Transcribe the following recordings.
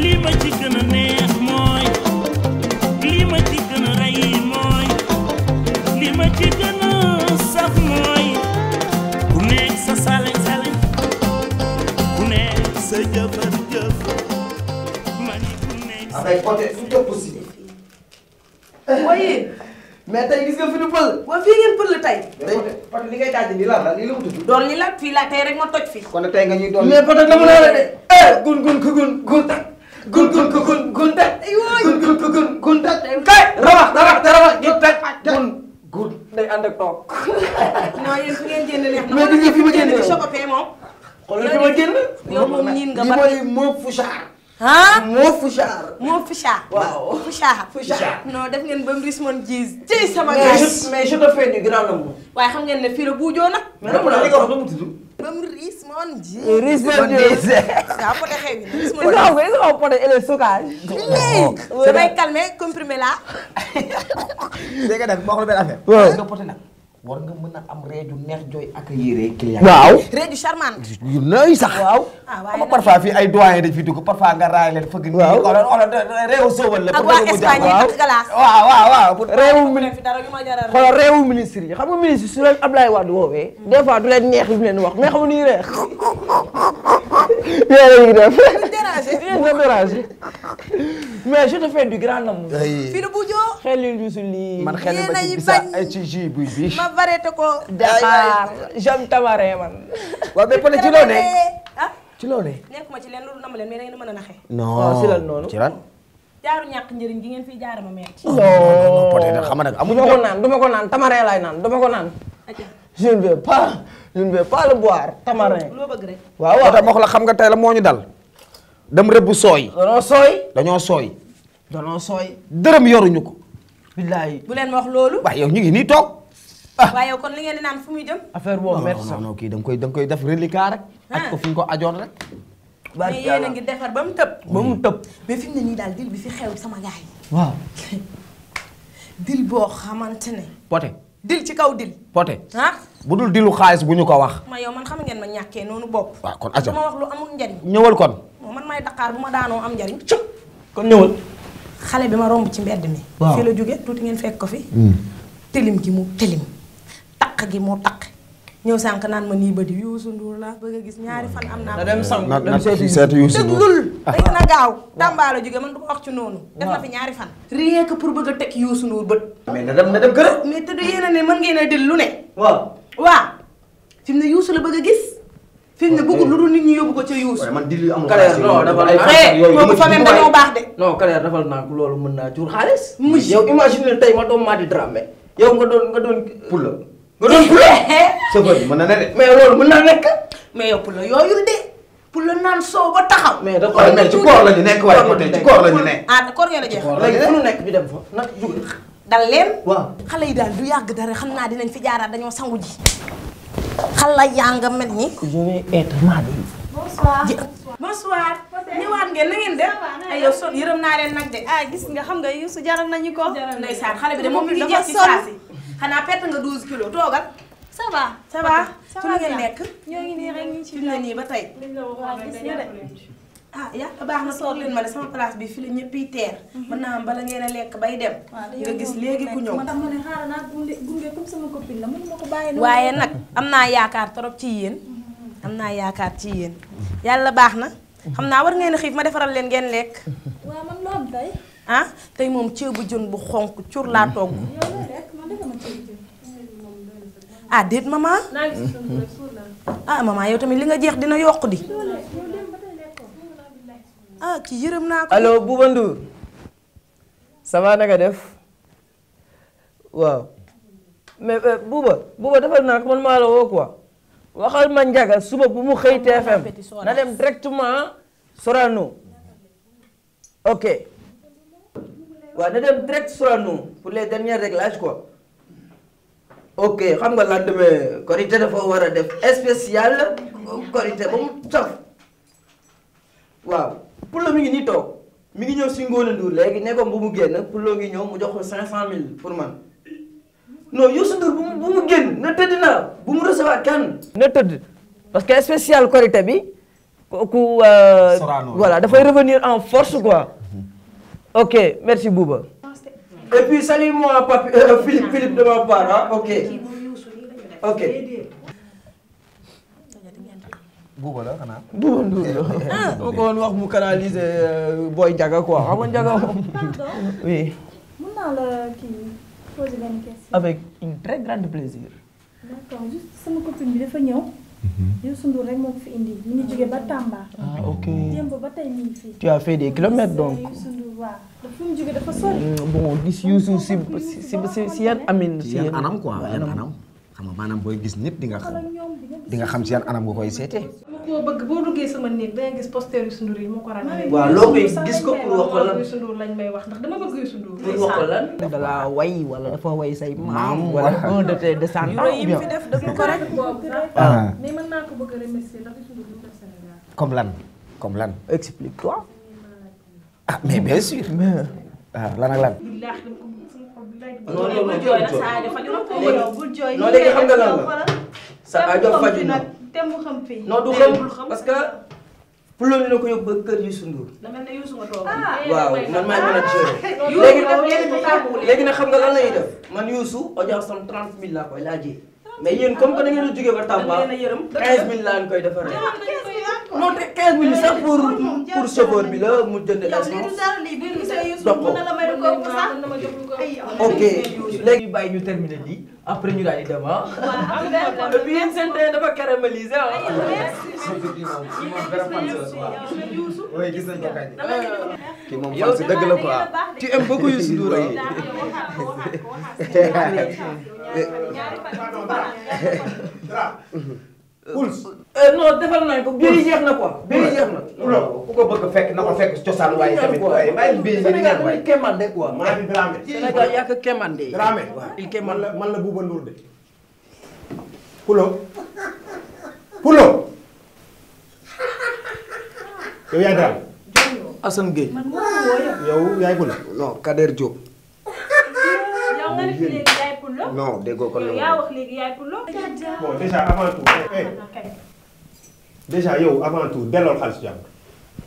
lii ma ci gën a neex mooy lii ma ci gën a rey mooy lii ma ci gën a saf mooy ku nekk sa salañ salañ ku nekk sa jëfar jëf ma ni ku nekk avec côté tout est possible mais tey gis nga fi du pël la lii la mu tudd toj fi kon tey nga ñuy doon mais de eh, gun gun ku gun gun gun gun gun gun daj. gun gun gun gun daj. kay rabax rabax te rabax gi daj. gun gun day ànd ak toog. non yéen fi ngeen jënd neex na. mais fi ma jënd moom. ma jënd. yow moom ñiin nga ba. li mooy moom Fouchard. ah moo Fouchard. moo Fouchard. waaw Fouchard. Fouchard non def ngeen ba mu ris moom gis. jëy sama gars mais mais je te fais du grand waaye xam ngeen ne fii la buujoo nag. mais nag li nga wax ba mu tudd. pote xew bi. ris pote et le stockage. léegi damay calmer comprimé la. dégg nga nag moo war a am reeju neex jooy accueillir client waaw reeju charmant yu nooy sax waaw ah, ama parfois fii ay doyen dañ fi dugg parfois nga raay leen fëgg nii olo olo réewu sowal la ak waa Espagne ak waaw waaw waaw réewu ministre xoolal réewu ministre yi xam nga ministre su leen Ablaye Wade woowee des fois neex li mu leen wax mais xam nga ni yéen a ngi def. mais je te fais du grand amour. fii bu joo. xelil ñu si lii. man xelil ma ci bisaa bu ci jus buy te ko. Dakar jam tamare man. waaw mais Pelé ci loo ne. Ah? ci loo ne. nekkuma ci leen loolu nama leen mais da ngeen mën na naxe. non ci lan noonu ci lan. jaaru ñàkk njëriñ gi ngeen fi jaarama metti. non non non peut-être xam du ma ko naan du ma ko naan tamare laay naan du ma ko naan. je ne vais pas je ne vais pas le boire tamarin. loo bëgg rek waaw waaw tax ma ko la xam nga tey la moo ñu dal. dem rëbb sooy. dañoo sooy. dañoo sooy. dañoo sooy. dërëm yoruñu ko. billaahi bu leen ma wax loolu. waaw yow ñu ngi nii toog. ah waaye kon li ngeen di naan fu muy jëm. affaire boobu métti sax non non kii da nga koy da nga koy def reliquat rek. Ah. aj ko fi ñu ko ajoon rek. mais yéen a ngi defar ba mu tëb. ba mu tëb. mais fi mu ne nii daal dil bi fi xew sama gars yi. waaw. dil boo xamante ne. pote. dil ci kaw dil. poté ah. bu dul dilu xaalis bu ñu ko wax. ma yow man xam ngeen ma ñàkkee noonu bopp. waaw kon aja ma wax lu amul njariñ. ñëwal kon. man may daqaar bu ma daanoo am njariñ. kon ñëwal. xale bi ma romb ci mbedd mi. waaw la jóge tuuti ngeen fekk ko fi. Hmm. tilim gi mu tilim. taq gi mu taq. ñëw sànq naan ma nii ba di Youssou Ndour la bëgg a gis ñaari fan am naa. dem sànq dem seeti Youssou Ndour déglul day gën a gaaw Tamba la jóge man du ko wax ci noonu. def na fi ñaari fan. rien que pour bëgg a teg Youssou Ndour bët. mais na dem na dem kër. mais te de yéen a ne mën ngeen a dil lu ne. waaw waaw fi mu ne Youssou la bëgg a gis. fi mu ne bëggul lu dul nit ñi yóbbu ko ca Youssou. man dil amul xaalis non dafa ay fan yooyu yëpp fa même dañoo baax de. non Kader dafal naa ko loolu mën naa jur xaalis. yow imagine tey ma doom maa di Dramé yow nga doon nga doon pour la nga doon na ne de. mais loolu mën nekk. mais yow pulo yooyul de pulo naan soow ba taxaw. mais mais ci koor la ñu nekk waaye côté ci koor la ah, a jeex. léegi fu nekk bi dem fa nag jug dal leen. waaw xale yi daal du yàgg dara xam naa dinañ fi jaaraat dañoo sangu ji. xale yaa nga mel ni. je vais ngeen na ngeen def. ay yow son yërëm naa leen nag de. ah gis nga xam nga Youssou jaral nañu ko. ndeysaan xale bi de moom mi ngi jeex xanaa perte nga 12 kilos toogal. ça va ça va ci lu ngeen nekk. ñoo ngi nii rek ñu ci la nii ba tey. ah yàlla ah, baax na soor leen ma ne sama place bi fi la ñëpp yi teer. Mhm. mën naa am bala ngeen a lekk bay dem. nga gis léegi ku ñëw. waaye nag am naa yaakaar trop ci yéen. Mhm. am naa yaakaar ci yéen. yàlla baax na. xam naa war ngeen a xiif ma defaral leen ngeen lekk. waaw man loo am tey. ah tey moom ceebu jën bu xonk cur laa togg. ah déet maman ah maman yow tamit li nga jeex dina yokk di ah ci yërëm naa na allo Bouba Ndour ça va def waaw mais euh, Bouba Bouba defal naa ko man maa la woo quoi waxal ma njaga suba bu mu xëy TFM na dem directement Sorano ok waaw na dem direct Sorano pour les derniers réglages quoi. ok xam nga lendemain korité dafa war a def spécial korité ba mu saf waaw pour la mi ngi nii toog mi ngi ñëw si Ngóone Ndour léegi ne ko bu mu génn pour loo ngi ñëw mu jox ko 500000 pour man non Youssou Ndour bu mu bu mu génn na tëdd na bu mu recevoir kenn. na tëdd parce que spécial korité bi ku. Euh, voilà dafay revenir en force quoi. Mhm. ok merci Bouba. Et puis salue-moi papi, euh, Philippe, ah. Philippe de ma part, hein? ok. Ok. Bouba la xanaa. Bouba Ndour la. ah ma ko woon wax mu canaliser euh, Boy Jaga quoi xam nga Jaga. oui. mën naa la kii poser benn question. avec une très grande plaisir. d'accord juste sama copine bi dafa ñëw. Youssou Ndour rek moo ko fi indi mi ngi jógee ba Tamba. ah ok démb ba tey mi ngi fi. tu as fait des kilomètres donc. Youssou euh, Ndour waaw dafa fi mu jógee dafa sori. Mm, bon gis Youssou si si si si yan amin. si yan anam quoi yan anam. xam nga maanaam booy gis nit di nga xam di nga xam si yan anam nga koy seetee. koo bëgg boo duggee sama néeg dangay gis poster Youssou Ndour yi moo ko ràññee. waaw loo koy gis ko pour wax ko lan Youssou Ndour lañ may wax ndax dama bëgg Youssou Ndour. pour wax ko lan. da laa way wala dafa way say maam. wala un de tes descendants. yi mu fi def dëgg ko rek. Ah. mais mën naa ko bëgg a remercier ndax Youssou Ndour lu mu def Sénégal. comme lan comme lan explique toi. ah mais bien sûr. ah lan ak lan. non non non bul jooy nag sa aajo faju na. léegi non léegi xam nga lan la. sa aajo faju na. te mu xam fii. non du xam parce que. pulóo ni la ko yóbbu kër Youssou Ndour. dama ne Youssou nga toog. Ah. waaw man maa mën a jëloon. Ah. léegi léegi nag xam nga lan la ñuy def. man Youssou audience am 30 000 laa koy laajee. mais yéen comme que da ngeen a jógee ba Tamba 15 000 laa koy defaree. non te 15 000 sax pour pour chauffeur bi la mu jënd essence. donc ok léegi bàyyi ñu terminer lii. après ñu daal di dem ah. waaw yéen seen tey dafa caramélisé ah. kii moom fan si dëgg la quoi. tu aimes beaucoup Youssou Ndour ah. Pouls. Euh, non defal nañ ko bii jeex na quoi. bii jeex na. ku ko bëgg fekk na ko fekk cosaan waaye tamit waaye bàyyi bii Sénégal dañuy kemande quoi. maa ngi Dramé. Sénégal yaa il kemande man la man la Bouba Ndour de. Poulo. Poulo. yow yaay Dramé. Assane Gueye. yow yaay Poulo. non Kader Diop. nga def léegi yaay Poulo. non déggoo ko yow yaa wax léegi yaay Poulo. bon déjà avant tout. Eh, eh. déjà yow avant tout delloo xaalis jàmm.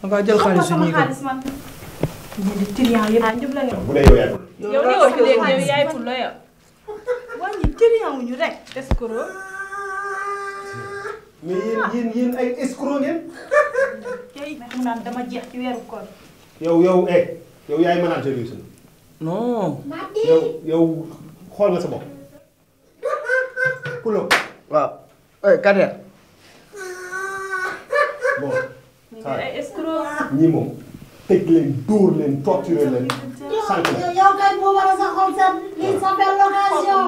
da ngaa jël xaalis yu ah, ñuy bu dee yow yaay Poulo. yow li wax léegi yow yaay Poulo yow. wàññi client rek escroc. mais yéen ah. yéen yéen ay escroc ngeen. tey xam naa dama jeex ci weeru koor. yow eh, non. yow yow xool nga sa bopp. Pulo. waaw. Kader. bon. ñii moom teg leen dóor leen torturer leen. sànq la yow kay bu war a sa xol sa li s'appelle location.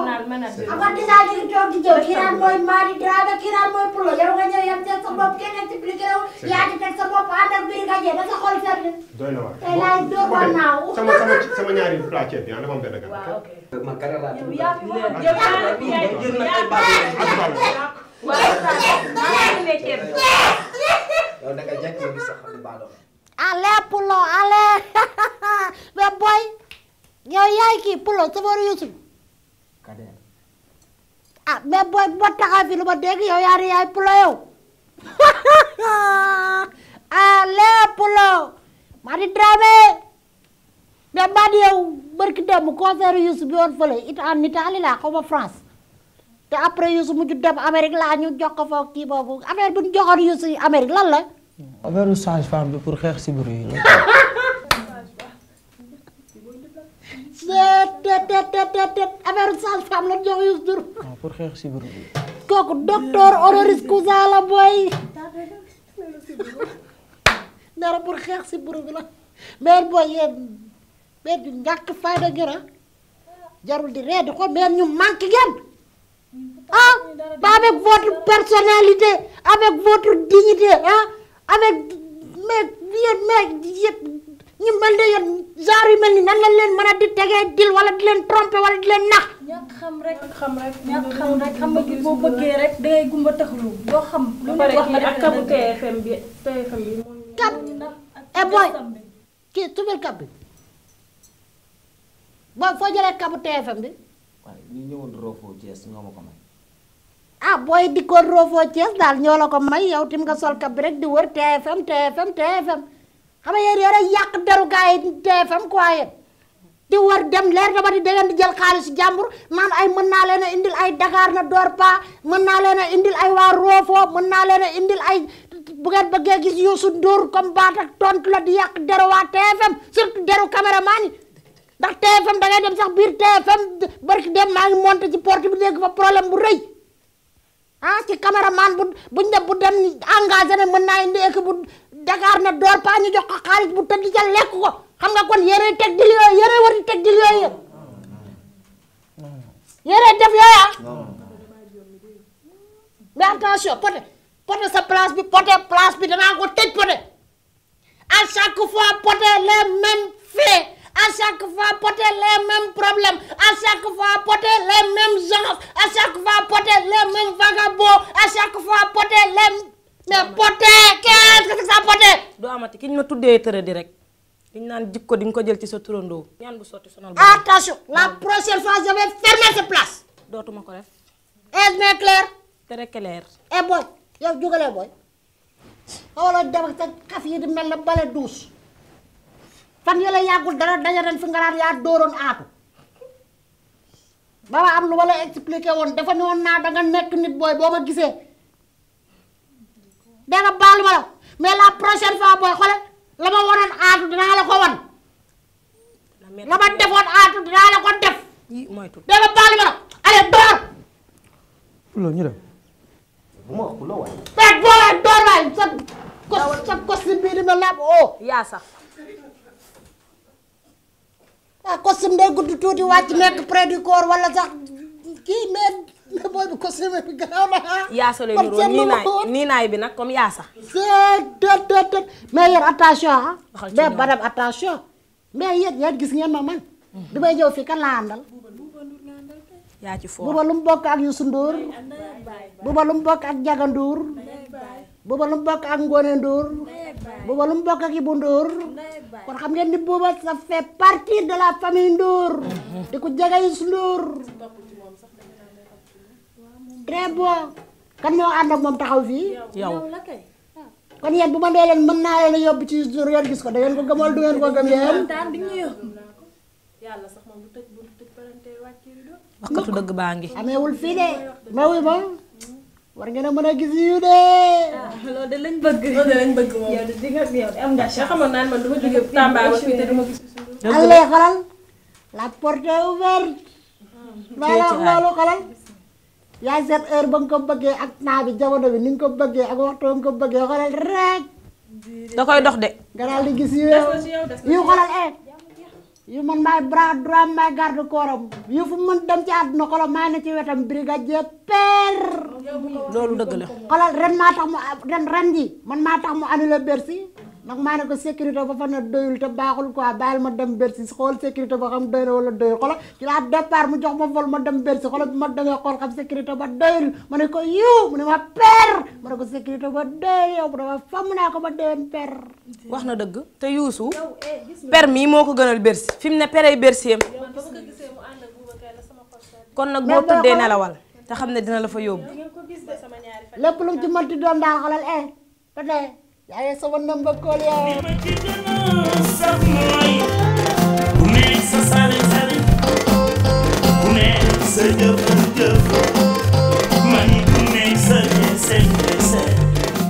am nga déjà ñu ngi toog di jëw. kii naan mooy Madi Dramé kii naan mooy Pulo yow nga ñëw yem teg sa bopp kenn expliqué wu. yaa ngi teg sa bopp ànd ak biir gàjjee ba sa xol sedd. doy na waay tey laay doogoon naaw. sama sama sama ñaari plat ceeb bi ah dafa am benn gan. waaw ok. ma kàlla laa tudd. yow yaa ngi leen yow yaa ngi leen yow yaa ngi leen yow yaa ngi leen yow yaa ngi ale pulo ale be boy yow yaay pulo safaru yusuf kader be ah, boy bu ma taxaw fi lu ma dégg yaay pulo yow ale pulo maa drame be maa di yow barki dem concert yusuf bi woon fële it en Italie la xaw ma France te après yusuf mujj dem Amérique laa ñu jox ko foofu kii boobu affaire bu ñu joxoon yusuf Amérique lan la affaire sage-femme bi pour xeex sibiru yi la. affaire sage-femme la jox yu dur. Ah, pour xeex sibiru yi. kooku la booy. dara pour xeex sibiru bi la mais booy yéen jarul di ree ko mais ñu manqué ngeen. ba ah, avec votre personnalité avec votre dignité ah. avec mais yéen mais yéen ñu mel ne yéen genre yu mel ni nan lañ leen mën a di tegee dil wala di leen tromper wala di leen nax. xam rek xam boo bëggee rek dangay gumba taxlu lu ñu wax rek ak kabu TFM bi kab e kii subal kab bi booy foo jëlee kabu TFM bi. ah booy dikkoon roofoo Thiès daal ñoo la ko may yow tim nga sol kab bi rek di wër TFM TFM TFM xam nga yéen yéen yàq deru gaay yi TFM quoi yéen di wër dem leer dama di dangeen di jël xaalisu jàmbur naan ay mën naa leen a ay Dakar na door pa mën naa leen a indil ay waa roofoo mën naa leen a ay bu ngeen bëggee gis Youssou Ndour comme baat ak tontu la di yàq deru waa TFM surtout deru caméraman yi ndax TFM da ngay dem sax biir TFM barki dem maa ngi monté ci porte bi dégg fa problème bu rëy ah ci caméraman bu buñ ne bu dem engagé na mën naa indi équipe bu Dakar na door paa ñu jox ko xaalis bu tëdd ca lekk ko xam nga kon yére teg dil yooyu yére war teg dil yooyu yére def yooya mais attention pote pote sa place bi pote place bi danaa ko tëj pote à chaque fois pote les mêmes faits à chaque fois pote les mêmes problèmes à chaque fois pote les mêmes gens à chaque fois pote les mêmes beau à chaque fois poté lem. mais poté ki ñu tuddee tërëdi rek. li ñu naan jikko di nga ko jël ci sa turandoo. ñaan bu sotti sonal bu la prochaine fois je vais fermer place. dootuma ko def. est bien clair. très clair. eh booy yow jugalee booy. xawala dem ak sa kaf yi di mel na bale douce fan yële yàggul dara daje ren fi nga yaa dooroon aatu. dara am lu ma expliqué woon dafa ne woon naa danga nekk nit booy boo ma gisee danga baal ma la mais la prochaine fois booy xoole la ma waroon aatu dinaa la ko wan la ma defoon aatu dinaa la ko def danga baal ma la allez door loolu ñu dem ma wax door waay sa kos sa kos si bii di ma laab oo oh. ah costume day gudd tuuti wàcc nekk booy bi costume bi gannaaw na ah. yaasa lay niróo bi nag comme yaasa. c'est tët tët tët mais yéen attention ah. mais madame attention. mais yéen gis ngeen ma man. Mhm. du may ñëw fii kan laa buba lu mu bokk ak Youssou Ndour. buba lu mu bokk ak Ndiaga Ndour. buba lu mu bokk ak Ngoné Ndour. buba lu mu bokk ak Ibou Ndour. kon xam ngeen ni booba ça fait partie de la famille Ndour. Mm-hmm. di ko jege Youssou Ndour. très bon. kan moo ànd ak moom taxaw fii. yow kon yéen bu ma nee leen mën naa leen yóbbu ci Youssou Ndour yéen gis ko da ngeen ko gëmal du ngeen ko gëm yéen. waxkatu dëgg baa ngi. ameewul fii de ma wuy war ngeen a a gis yu de. ah loolu de lañ bëgg. loolu de lañ bëgg moom yow de di nga la porte est ouverte. Ah. voilà loolu xolal. yaa seet heure ba nga ko bëggee ak naa bi jamono bi ni nga ko bëggee ak waxtu ba nga ko bëggee rek. da koy dox de. nga daal gis yu yu xolal eh. yu man maay bras droit maay garde corps yu fu mën dem ci àdduna xolal maa ne ci wetam brigadier père. loolu dëgg la. xoolal ren maa tax mu ren ren ji man maa tax mu annulé Bercy ndax maa ne ko sécurité ba fa ne doyul te baaxul ko bàyyil ma dem Bercy xool sécurité ba xam doy na wala doyul xoolal ci ma vol ma dem ma demee xool ne ko yiw mu ne ma per ma ne ko sécurité ba doyul yow mu ma famm naa ko ma déwén per. wax na dëgg te Youssou. Eh, per mii moo ko gënal Bercy fi mu ne perey Bercy am kon nag boo tëddee nelawal te xam ne dina la fa yóbbu. lépp lu ci mënti doon daal xolal eh te de yaa ngi sama nëmba kool yow.